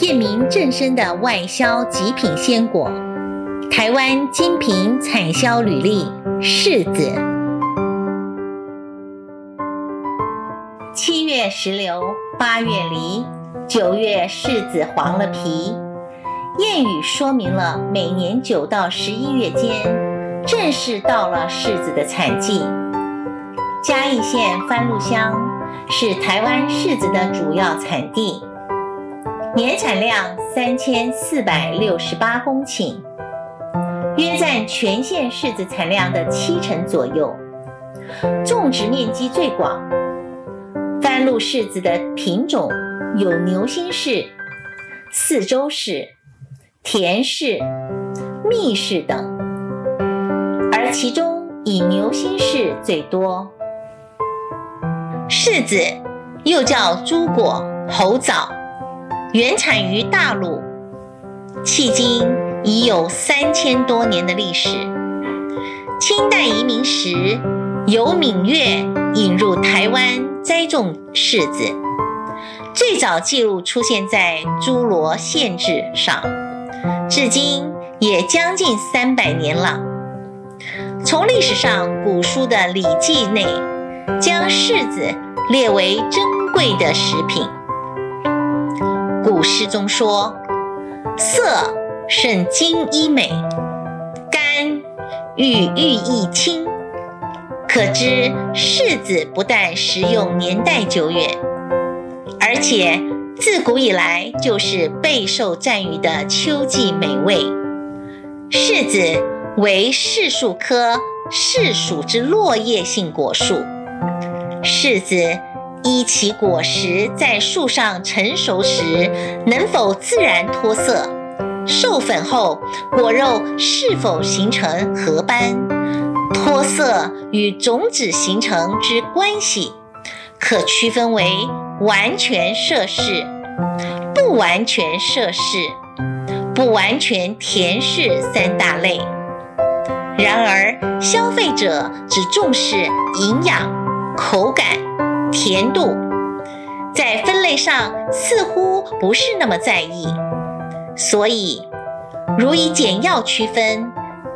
驗明正身的外銷極品鮮果，台灣精品產銷履歷柿子。七月石榴，八月梨，九月柿子黃了皮。諺語說明了每年九到十一月間，正是到了柿子的產季。嘉義縣番路鄉是台灣柿子的主要產地。年產量三千四百六十八公噸，約占全縣柿子產量的七成左右，種植面積最廣。番路柿子的品種有牛心柿、四周柿、甜柿、蜜柿等，而其中以牛心柿最多。柿子又叫朱果、猴棗。原產於大陸，迄今已有三千多年的歷史。清代移民時由閩粵引入台灣栽種柿子，最早記錄出現在《諸羅縣志》上，至今也將近三百年了。從歷史上古書的《禮記》內，將柿子列為珍貴的食品。古詩中說：“色勝金衣美，甘與玉液清。”可知柿子不但食用年代久遠，而且自古以來就是備受讚譽的秋季美味。柿子為柿樹科柿屬之落葉性果樹。柿子。依其果實在樹上成熟時能否自然脫澀，授粉後果肉是否形成褐斑，脫澀與種子形成之關係，可區分為完全澀柿、不完全澀柿、不完全甜柿三大類。然而，消費者只重視營養、口感。甜度在分類上似乎不是那麼在意，所以如以簡要區分，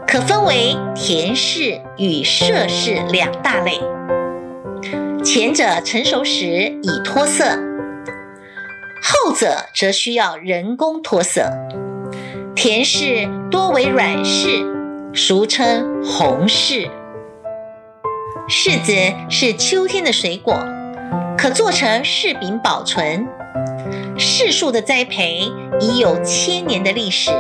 可分為甜柿與澀柿兩大類。前者成熟時已脫澀，後者則需要人工脫澀。甜柿多為軟柿，俗稱紅柿。柿子是秋天的水果。可做成柿餅保存。柿樹的栽培已有千年的歷史，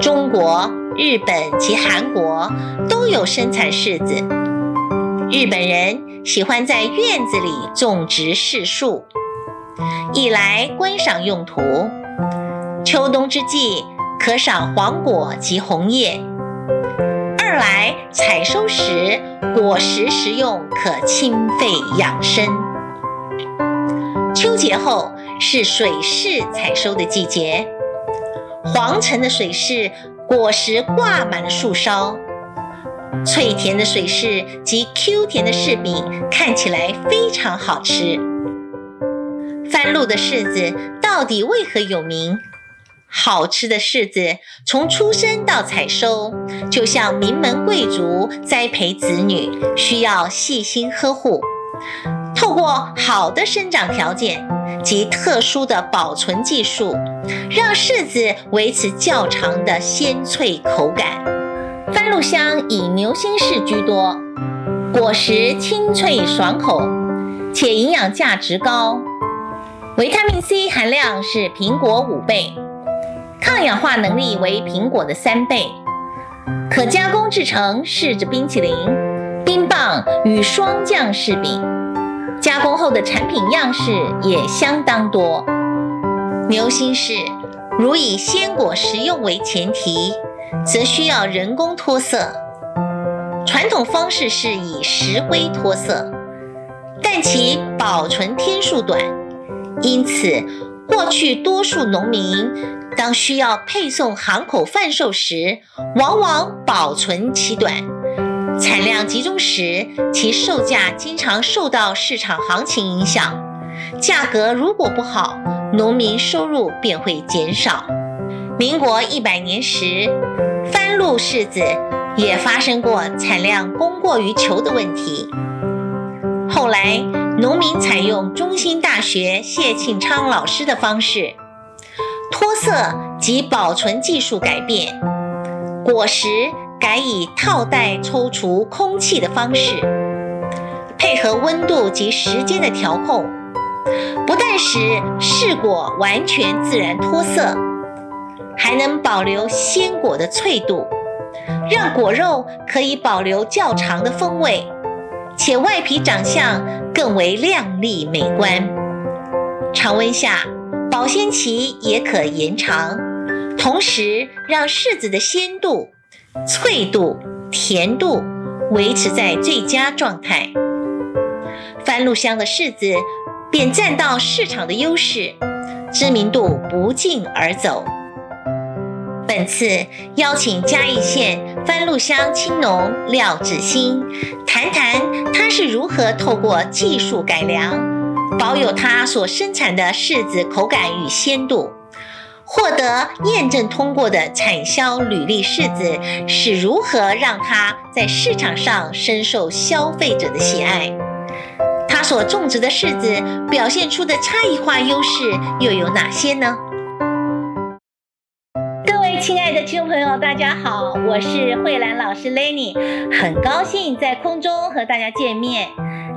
中國、日本及韓國都有生產柿子。日本人喜歡在院子裡種植柿樹，一來觀賞用途，秋冬之際可賞黃果及紅葉。二來採收時，果實食用可清肺養生。秋節後是水柿採收的季節，黃橙的水柿果實掛滿了樹梢，脆甜的水柿及 Q 甜的柿餅看起來非常好吃。番路的柿子到底為何有名？好吃的柿子從出生到採收，就像名門貴族栽培子女，需要細心呵護。透過好的生長條件及特殊的保存技術，讓柿子維持較長的鮮脆口感。番路鄉以牛心柿居多，果實清脆爽口，且營養價值高，維他命 C 含量是蘋果五倍。抗氧化能力為蘋果的三倍，可加工製成柿子冰淇淋、冰棒與霜降柿餅。加工後的產品樣式也相當多。牛心柿如以鮮果食用為前提，則需要人工脫澀。傳統方式是以石灰脫澀，但其保存天數短，因此過去多數農民。當需要配送行口販售時，往往保存期短；產量集中時，其售價經常受到市場行情影響。價格如果不好，農民收入便會減少。民國一百年時，番路柿子也發生過產量供過於求的問題。後來，農民採用中興大學謝慶昌老師的方式。脫色及保存技術改變，果實改以套袋抽出空氣的方式，配合溫度及時間的調控，不但使柿果完全自然脫色，還能保留鮮果的脆度，讓果肉可以保留較長的風味，且外皮長相更為亮麗美觀。常溫下，保鮮期也可延長，同時讓柿子的鮮度、脆度、甜度維持在最佳狀態，番路鄉的柿子便占到市場的優勢，知名度不脛而走。本次邀請嘉義縣番路鄉青農廖誌鑫談談他是如何透過技術改良。保有他所生產的柿子口感與鮮度，獲得驗證通過的產銷履歷柿子是如何讓它在市場上深受消費者的喜愛？他所種植的柿子表現出的差異化優勢又有哪些呢？各位親愛的聽眾朋友，大家好，我是慧蘭老師 Lenny，很高興在空中和大家見面。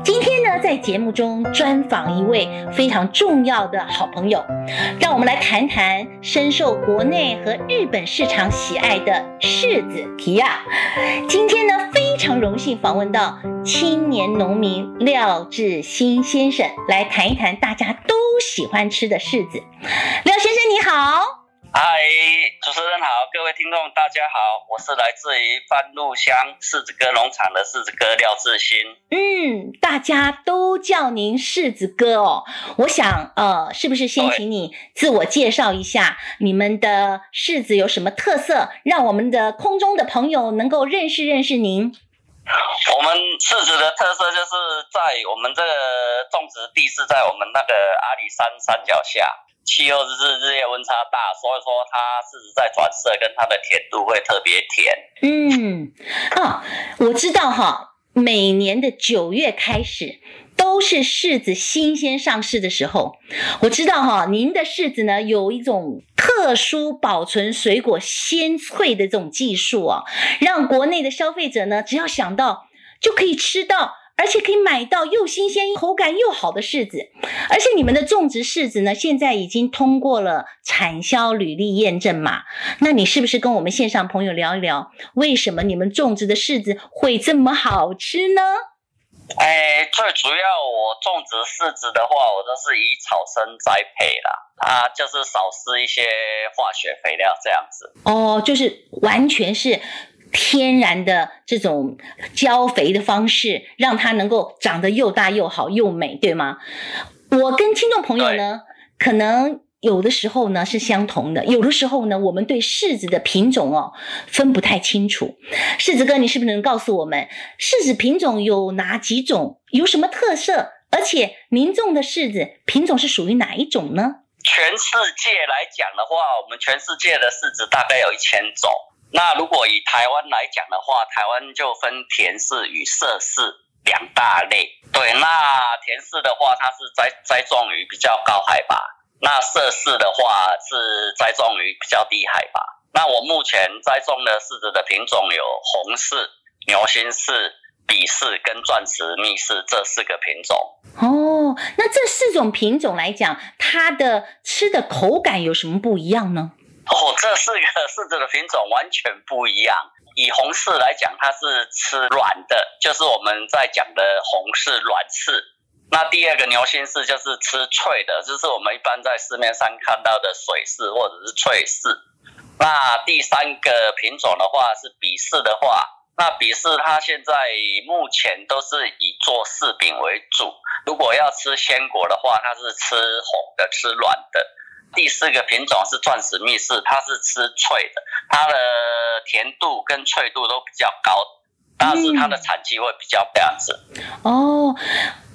今天呢，在節目中專訪一位非常重要的好朋友，讓我們來談談深受國內和日本市場喜愛的柿子皮呀、啊。今天呢，非常榮幸訪問到青年農民廖誌鑫先生，來談一談大家都喜歡吃的柿子。廖先生，你好。嗨，Hi, 主持人好，各位聽眾大家好，我是來自於番路鄉柿子哥農場的柿子哥廖誌鑫。嗯，大家都叫您柿子哥哦。我想，呃，是不是先請你自我介紹一下，你們的柿子有什麼特色，對讓我們的空中的朋友能夠認識認識您？我們柿子的特色就是在我們這個種植地是在我們那個阿里山山腳下。氣候是日日日夜溫差大，所以說它柿子在轉色跟它的甜度會特別甜。嗯，啊，我知道哈，每年的九月開始都是柿子新鮮上市的時候。我知道哈，您的柿子呢有一種特殊保存水果鮮脆的這種技術啊，讓國內的消費者呢只要想到就可以吃到。而且可以買到又新鮮、口感又好的柿子，而且你們的種植柿子呢，現在已經通過了產銷履歷驗證嘛？那你是不是跟我們線上朋友聊一聊，為什麼你們種植的柿子會這麼好吃呢？哎、欸，最主要我種植柿子的話，我都是以草生栽培啦，啊，就是少施一些化學肥料這樣子。哦，就是完全是。天然的這種澆肥的方式，讓它能夠長得又大又好又美，對嗎？我跟聽眾朋友呢，對可能有的時候呢是相同的，有的時候呢，我們對柿子的品種哦分不太清楚。柿子哥，你是不是能告訴我們，柿子品種有哪幾種，有什麼特色？而且，您種的柿子品種是屬於哪一種呢？全世界來講的話，我們全世界的柿子大概有一千種。那如果以台灣來講的話，台灣就分甜柿與澀柿兩大類。對，那甜柿的話，它是栽栽，栽種於比較高海拔；那澀柿的話，是栽種於比較低海拔。那我目前栽種的柿子的品種有紅柿、牛心柿、比柿跟鑽石蜜柿這四個品種。哦，那這四種品種來講，它的吃的口感有什麼不一樣呢？哦，這四個柿子的品種完全不一樣。以紅柿來講，它是吃軟的，就是我們在講的紅柿、軟柿。那第二個牛心柿就是吃脆的，這，就是我們一般在市面上看到的水柿或者是脆柿。那第三個品種的話是筆柿的話，那筆柿它現在目前都是以做柿餅為主。如果要吃鮮果的話，它是吃紅的，吃軟的。第四個品種是鑽石蜜柿，它是吃脆的，它的甜度跟脆度都比較高，但是它的產期會比較大些，嗯。哦，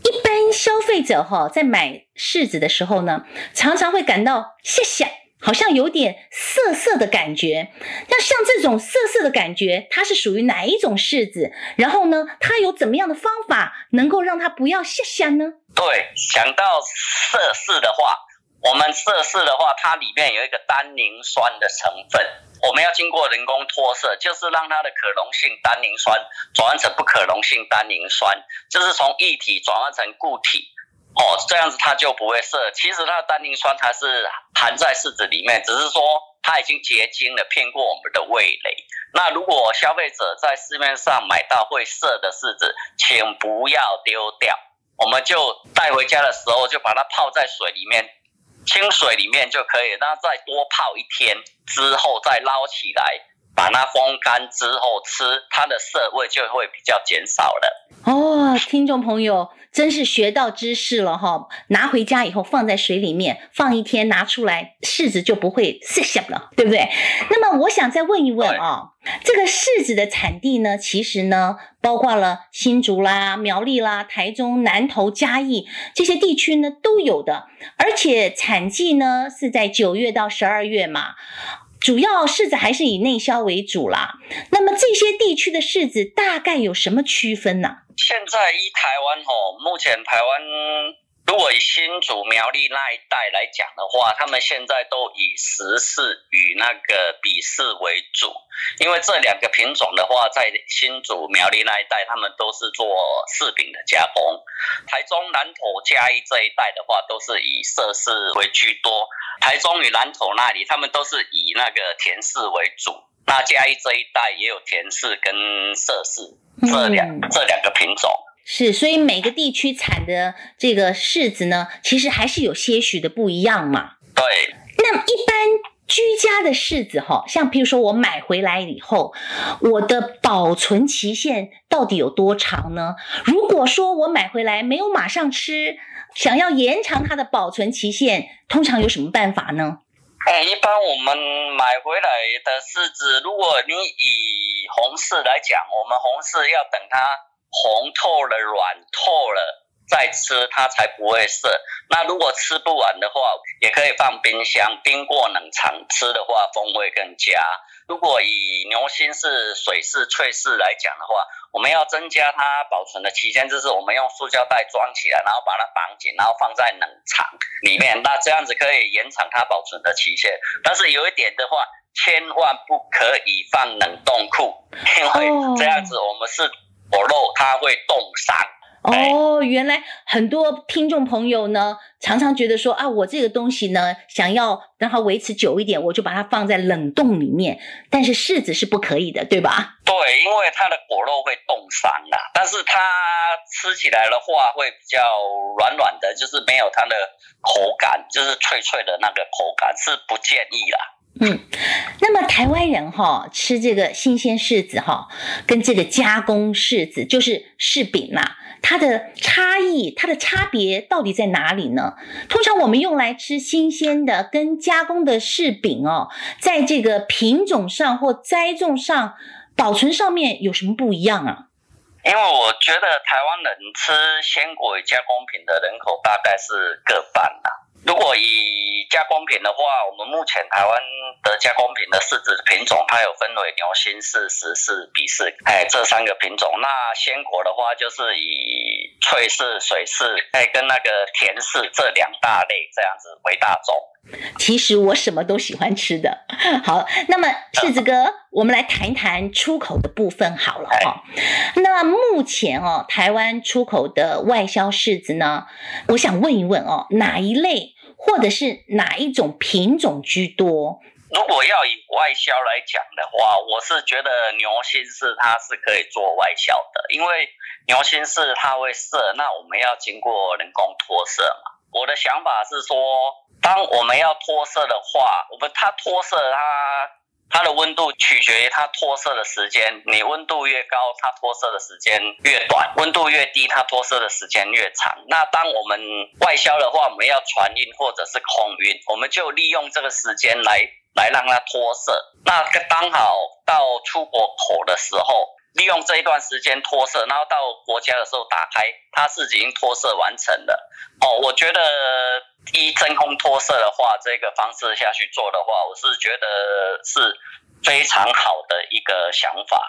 一般消費者哈，在買柿子的時候呢，常常會感到澀澀，好像有點澀澀的感覺。那像這種澀澀的感覺，它是屬於哪一種柿子？然後呢，它有怎麼樣的方法能夠讓它不要澀澀呢？對，想到澀柿的話。我們澀柿的話，它裡面有一個單寧酸的成分，我們要經過人工脫澀，就是讓它的可溶性單寧酸轉換成不可溶性單寧酸，就是從液體轉換成固體，哦，這樣子它就不會澀。其實它的單寧酸它是含在柿子裡面，只是說它已經結晶了，騙過我們的味蕾。那如果消費者在市面上買到會澀的柿子，請不要丟掉，我們就帶回家的時候就把它泡在水裡面。清水裡面就可以，那再多泡一天之後再撈起來。把它風乾之後吃，它的澀味就會比較減少了。哦，聽眾朋友，真是學到知識了哈、哦！拿回家以後放在水裡面放一天，拿出來柿子就不會澀澀了，對不對？那麼我想再問一問啊、哦，對這個柿子的產地呢，其實呢包括了新竹啦、苗栗啦、台中南投嘉義這些地區呢都有的，而且產季呢是在九月到十二月嘛。主要柿子還是以內銷為主啦。那麼這些地區的柿子大概有什麼區分呢、啊？現在以台灣哦，目前台灣。如果以新竹苗栗那一帶來講的話，他們現在都以石柿與那個筆柿為主，因為這兩個品種的話，在新竹苗栗那一帶，他們都是做柿餅的加工。台中南投嘉義這一帶的話，都是以澀柿為居多。台中與南投那裡，他們都是以那個甜柿為主。那嘉義這一帶也有甜柿跟澀柿這兩這兩個品種。是，所以每個地區產的這個柿子呢，其實還是有些許的不一樣嘛。對。那一般居家的柿子吼、哦，像譬如說我買回來以後，我的保存期限到底有多長呢？如果說我買回來沒有馬上吃，想要延長它的保存期限，通常有什麼辦法呢？誒、嗯，一般我們買回來的柿子，如果你以紅柿來講，我們紅柿要等它。紅透了軟，軟透了再吃，它才不會澀。那如果吃不完的話，也可以放冰箱冰過冷藏，吃的話，風味更佳。如果以牛心柿、水柿、脆柿來講的話，我們要增加它保存的期限，就是我們用塑膠袋裝起來，然後把它綁緊，然後放在冷藏裡面。那這樣子可以延長它保存的期限。但是有一點的話，千萬不可以放冷凍庫，因為這樣子我們是。果肉它會凍傷哦，原來很多聽眾朋友呢，常常覺得說啊，我這個東西呢，想要讓它維持久一點，我就把它放在冷凍裡面，但是柿子是不可以的，對吧？對，因為它的果肉會凍傷的啊，但是它吃起來的話會比較軟軟的，就是沒有它的口感，就是脆脆的那個口感，是不建議啦啊。嗯，那麼台灣人哈、哦、吃這個新鮮柿子哈、哦，跟這個加工柿子，就是柿餅啦、啊，它的差異，它的差別到底在哪裡呢？通常我們用來吃新鮮的跟加工的柿餅哦，在這個品種上或栽種上、保存上面有什麼不一樣啊？因為我覺得台灣人吃鮮果與加工品的人口大概是各半啦、啊。如果以加工品的話，我們目前台灣的加工品的柿子品種，它有分為牛心柿、石柿、筆柿，哎，這三個品種。那鮮果的話，就是以脆柿、水柿，哎，跟那個甜柿這兩大類這樣子為大宗。其實我什麼都喜歡吃的，好，那麼柿子哥，呃、我們來談一談出口的部分好了，哦、唉那目前哦，台灣出口的外銷柿子呢，我想問一問哦，哪一類或者是哪一種品種居多？如果要以外銷來講的話，我是覺得牛心柿它是可以做外銷的，因為牛心柿它會澀，那我們要經過人工脫澀嘛。我的想法是說，當我們要脫澀的話，我們它脫澀它，它它的溫度取決於它脫澀的時間。你溫度越高，它脫澀的時間越短；溫度越低，它脫澀的時間越長。那當我們外銷的話，我們要船運或者是空運，我們就利用這個時間來來讓它脫澀。那剛好到出國口的時候。利用這一段時間脫色，然後到國家的時候打開，它自己已經脫色完成了。哦，我覺得以真空脫色的話，這個方式下去做的話，我是覺得是非常好的一個想法。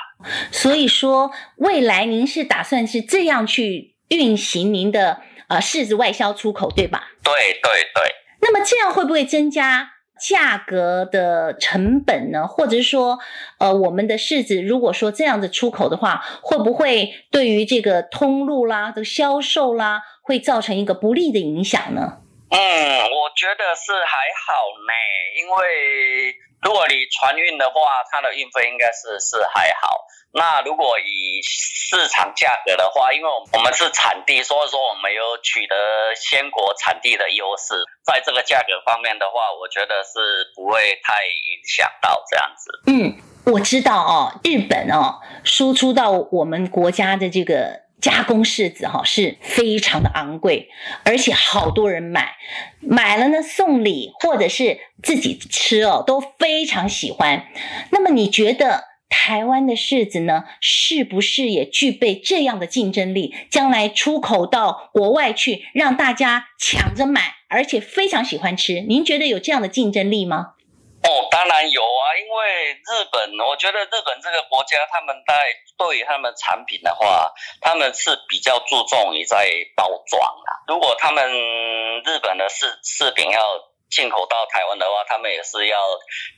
所以說，未來您是打算是這樣去運行您的呃柿子外銷出口，對吧？對對對。那麼這樣會不會增加？價格的成本呢，或者是說，呃，我們的柿子，如果說這樣子出口的話，會不會對於這個通路啦、的、這個、銷售啦，會造成一個不利的影響呢？嗯，我覺得是還好呢，因為如果你船運的話，它的運費應該是是還好。那如果以市場價格的話，因為我們我們是產地，所以說我們有取得鮮果產地的優勢，在這個價格方面的話，我覺得是不會太影響到這樣子。嗯，我知道哦，日本哦，輸出到我們國家的這個加工柿子哈，是非常的昂貴，而且好多人買，買了呢送禮或者是自己吃哦都非常喜歡。那麼你覺得？台灣的柿子呢，是不是也具備這樣的競爭力？將來出口到國外去，讓大家搶着買，而且非常喜歡吃。您覺得有這樣的競爭力嗎？哦，當然有啊，因為日本，我覺得日本這個國家，他們在對於他們產品的話，他們是比較注重於在包裝啊。如果他們日本的柿柿餅要。進口到台灣的話，他們也是要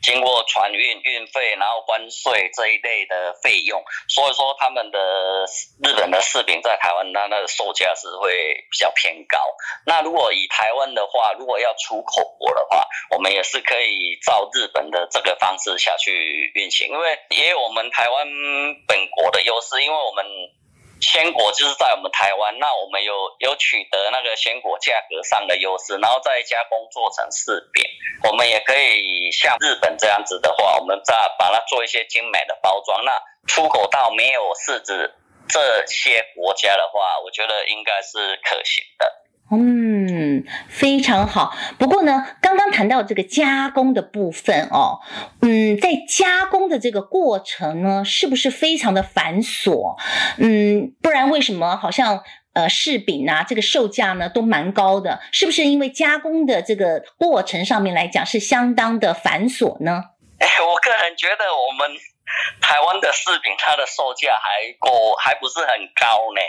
經過船運、運費，然後關稅這一類的費用。所以說，他們的日本的食品在台灣，那那個售價是會比較偏高。那如果以台灣的話，如果要出口國的話，我們也是可以照日本的這個方式下去運行，因為也有我們台灣本國的優勢，因為我們。鮮果就是在我們台灣，那我們有有取得那個鮮果價格上的優勢，然後再加工做成柿餅，我們也可以像日本這樣子的話，我們再把它做一些精美的包裝。那出口到沒有柿子這些國家的話，我覺得應該是可行的。嗯，非常好。不過呢，剛剛談到這個加工的部分哦，嗯，在加工的這個過程呢，是不是非常的繁瑣？嗯，不然為什麼好像呃，柿餅啊，這個售價呢都蠻高的？是不是因為加工的這個過程上面來講是相當的繁瑣呢？哎，我個人覺得我們台灣的柿餅，它的售價還夠，還不是很高呢，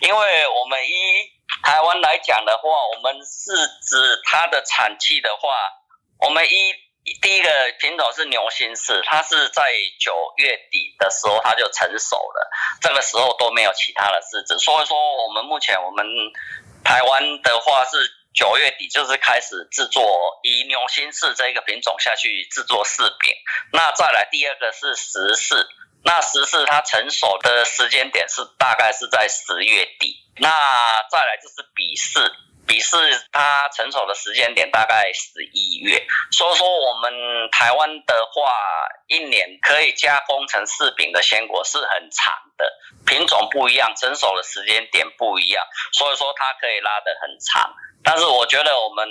因為我們一。台灣來講的話，我們是指它的產期的話，我們一第一個品種是牛心柿，它是在九月底的時候它就成熟了，這個時候都沒有其他的柿子，所以說我們目前我們台灣的話是九月底就是開始製作以牛心柿這一個品種下去製作柿餅，那再來第二個是石柿，那石柿它成熟的時間點是大概是在十月底。那再來就是筆柿，筆柿它成熟的時間點大概十一月，所以說我們台灣的話，一年可以加工成柿餅的鮮果是很長的，品種不一樣，成熟的時間點不一樣，所以說它可以拉得很長。但是我覺得我們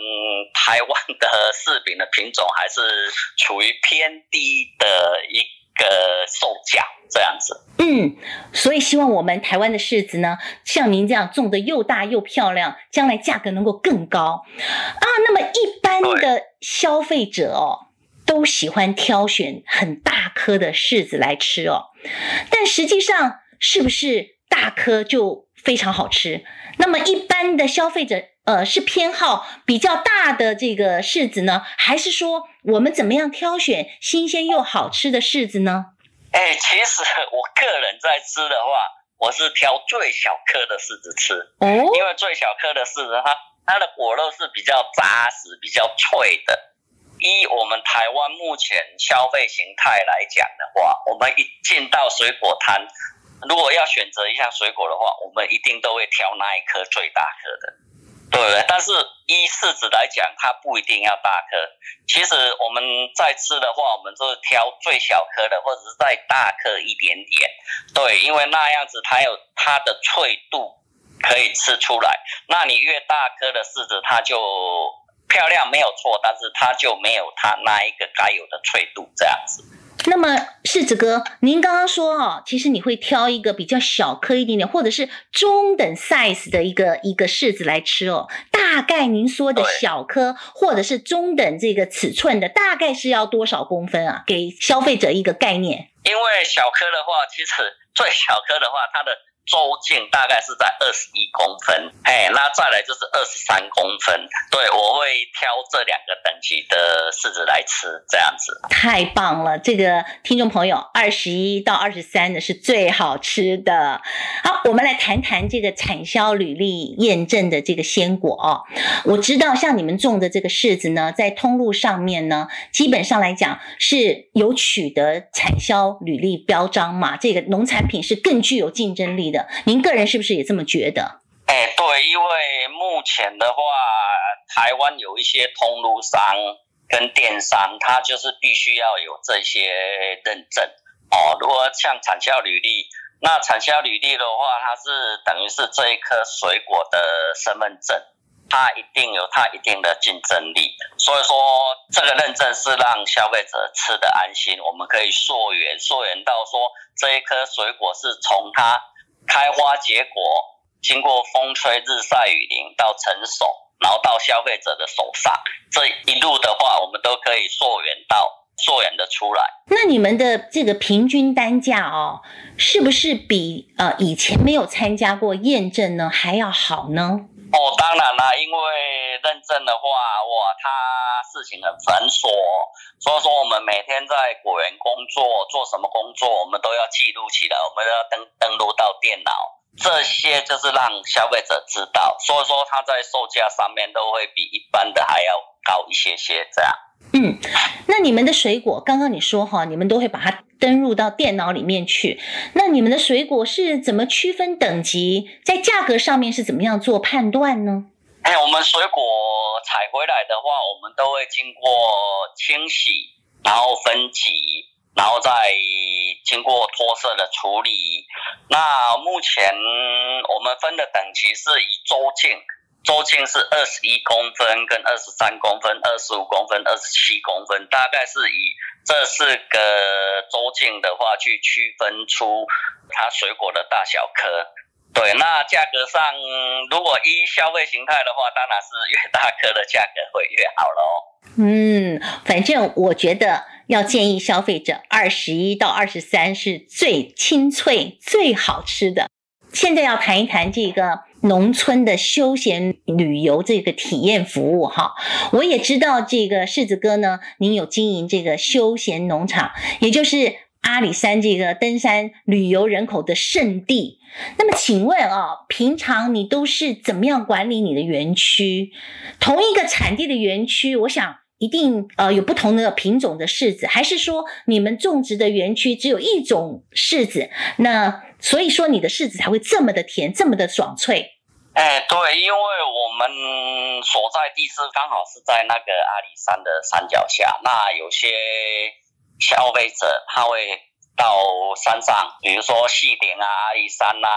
台灣的柿餅的品種還是處於偏低的一個。個售價這樣子，嗯，所以希望我們台灣的柿子呢，像您這樣種得又大又漂亮，將來價格能夠更高啊。那麼一般的消費者哦，對都喜歡挑選很大顆的柿子來吃哦，但實際上是不是大顆就？非常好吃。那麼一般的消費者，呃，是偏好比較大的這個柿子呢，還是說我們怎麼樣挑選新鮮又好吃的柿子呢？哎、欸，其實我個人在吃的話，我是挑最小顆的柿子吃，哦、因為最小顆的柿子它它的果肉是比較扎實、比較脆的。以我們台灣目前消費形態來講的話，我們一進到水果攤，如果要選擇一下水果的話，我們一定都會挑那一顆最大顆的，對不對？但是，依柿子來講，它不一定要大顆。其實我們在吃的話，我們就是挑最小顆的，或者是再大顆一點點，對，因為那樣子它有它的脆度可以吃出來。那你越大顆的柿子，它就漂亮沒有錯，但是它就沒有它那一個該有的脆度這樣子。那麼柿子哥，您剛剛說哦，其實你會挑一個比較小顆一點點，或者是中等 size 的一個一個柿子來吃哦。大概您說的小顆對或者是中等這個尺寸的，大概是要多少公分啊？給消費者一個概念。因為小顆的話，其實最小顆的話，它的。周徑大概是在二十一公分，哎，那再來就是二十三公分，對，我會挑這兩個等級的柿子來吃，這樣子。太棒了。這個聽眾朋友，二十一到二十三的是最好吃的。好，我們來談談這個產銷履歷驗證的這個鮮果哦。我知道，像你們種的這個柿子呢，在通路上面呢，基本上來講是有取得產銷履歷標章嘛，這個農產品是更具有競爭力的。您個人是不是也這麼覺得？哎、欸，對，因為目前的話，台灣有一些通路商跟電商，它就是必須要有這些認證哦。如果像產銷履歷，那產銷履歷的話，它是等於是這一顆水果的身份證，它一定有它一定的競爭力。所以說，這個認證是讓消費者吃得安心，我們可以溯源，溯源到說這一顆水果是從它。開花結果，經過風吹日曬雨淋到成熟，然後到消費者的手上，這一路的話，我們都可以溯源到，溯源的出來。那你們的這個平均單價哦，是不是比，呃，以前沒有參加過驗證呢，還要好呢？哦，當然啦，因為認證的話，哇，它事情很繁瑣，所以說我們每天在果園工作，做什麼工作，我們都要記錄起來，我們都要登登錄到電腦，這些就是讓消費者知道，所以說它在售價上面都會比一般的還要高一些些，這樣。嗯，那你們的水果，剛剛你說哈，你們都會把它，登入到電腦裡面去，那你們的水果是怎麼區分等級？在價格上面是怎麼樣做判斷呢？哎、欸，我們水果採回來的話，我們都會經過清洗，然後分級，然後再經過脫色的處理。那目前我們分的等級是以周徑，周徑是二十一公分，跟二十三公分，二十五公分，二十七公分，大概是以。這四個周徑的話，去區分出它水果的大小顆。對，那價格上，如果依消費形態的話，當然是越大顆的價格會越好嘍。嗯，反正我覺得要建議消費者二十一到二十三是最清脆、最好吃的。現在要談一談這個。農村的休閒旅遊這個體驗服務哈，我也知道這個柿子哥呢，您有經營這個休閒農場，也就是阿里山這個登山旅遊人口的聖地。那麼，請問啊、哦，平常你都是怎麼樣管理你的園區？同一個產地的園區，我想。一定呃，有不同的品種的柿子，還是說你們種植的園區只有一種柿子？那所以說你的柿子才會這麼的甜，這麼的爽脆。哎、欸，對，因為我們所在地是剛好是在那個阿里山的山腳下，那有些消費者他會到山上，比如說隙頂啊、阿里山吶、啊、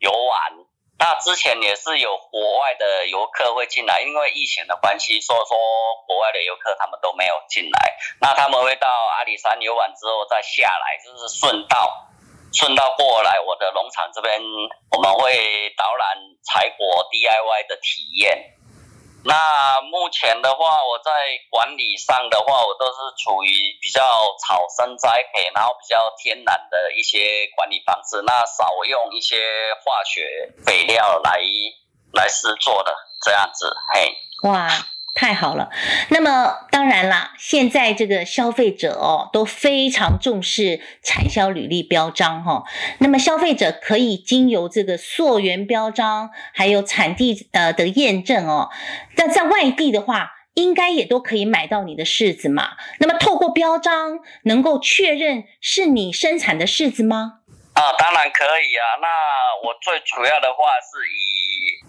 遊玩。那之前也是有國外的遊客會進來，因為疫情的關係，所以說國外的遊客他們都沒有進來。那他們會到阿里山遊玩之後再下來，就是順道，順道過來我的農場這邊，我們會導覽採果 DIY 的體驗。那目前的話，我在管理上的話，我都是處於比較草生栽培，然後比較天然的一些管理方式，那少用一些化學肥料來來施作的這樣子，嘿。哇。太好了，那麼當然啦，現在這個消費者哦都非常重視產銷履歷標章哈、哦。那麼消費者可以經由這個溯源標章，還有產地呃的驗證哦。但在外地的話，應該也都可以買到你的柿子嘛。那麼透過標章能夠確認是你生產的柿子嗎？啊，當然可以啊。那我最主要的話是以。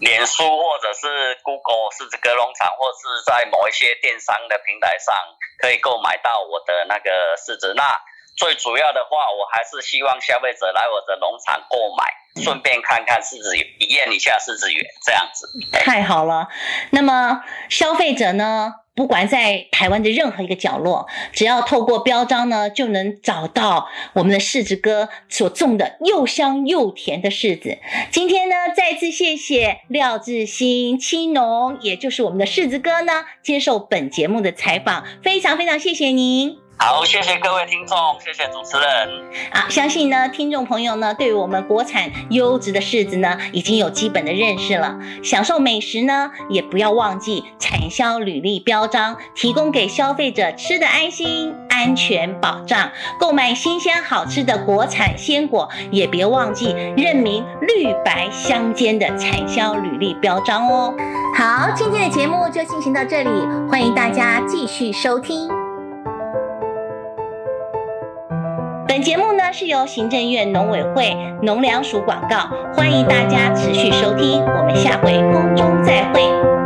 臉書或者是 Google，柿子格農場，或是在某一些電商的平台上可以購買到我的那個柿子。那最主要的話，我還是希望消費者來我的農場購買，順便看看柿子，體驗一下柿子園這樣子。太好了，那麼消費者呢？不管在台灣的任何一個角落，只要透過標章呢，就能找到我們的柿子哥所種的又香又甜的柿子。今天呢，再次謝謝廖誌鑫、青農，也就是我們的柿子哥呢，接受本節目的採訪，非常非常謝謝您。好，謝謝各位聽眾，謝謝主持人。啊，相信呢，聽眾朋友呢，對於我們國產優質的柿子呢，已經有基本的認識了。享受美食呢，也不要忘記產銷履歷標章，提供給消費者吃得安心安全保障。購買新鮮好吃的國產鮮果，也別忘記認明綠白相間的產銷履歷標章哦。好，今天的節目就進行到這裡，歡迎大家繼續收聽。本節目呢，是由行政院農委會農糧署廣告，歡迎大家持續收聽，我們下回空中再會。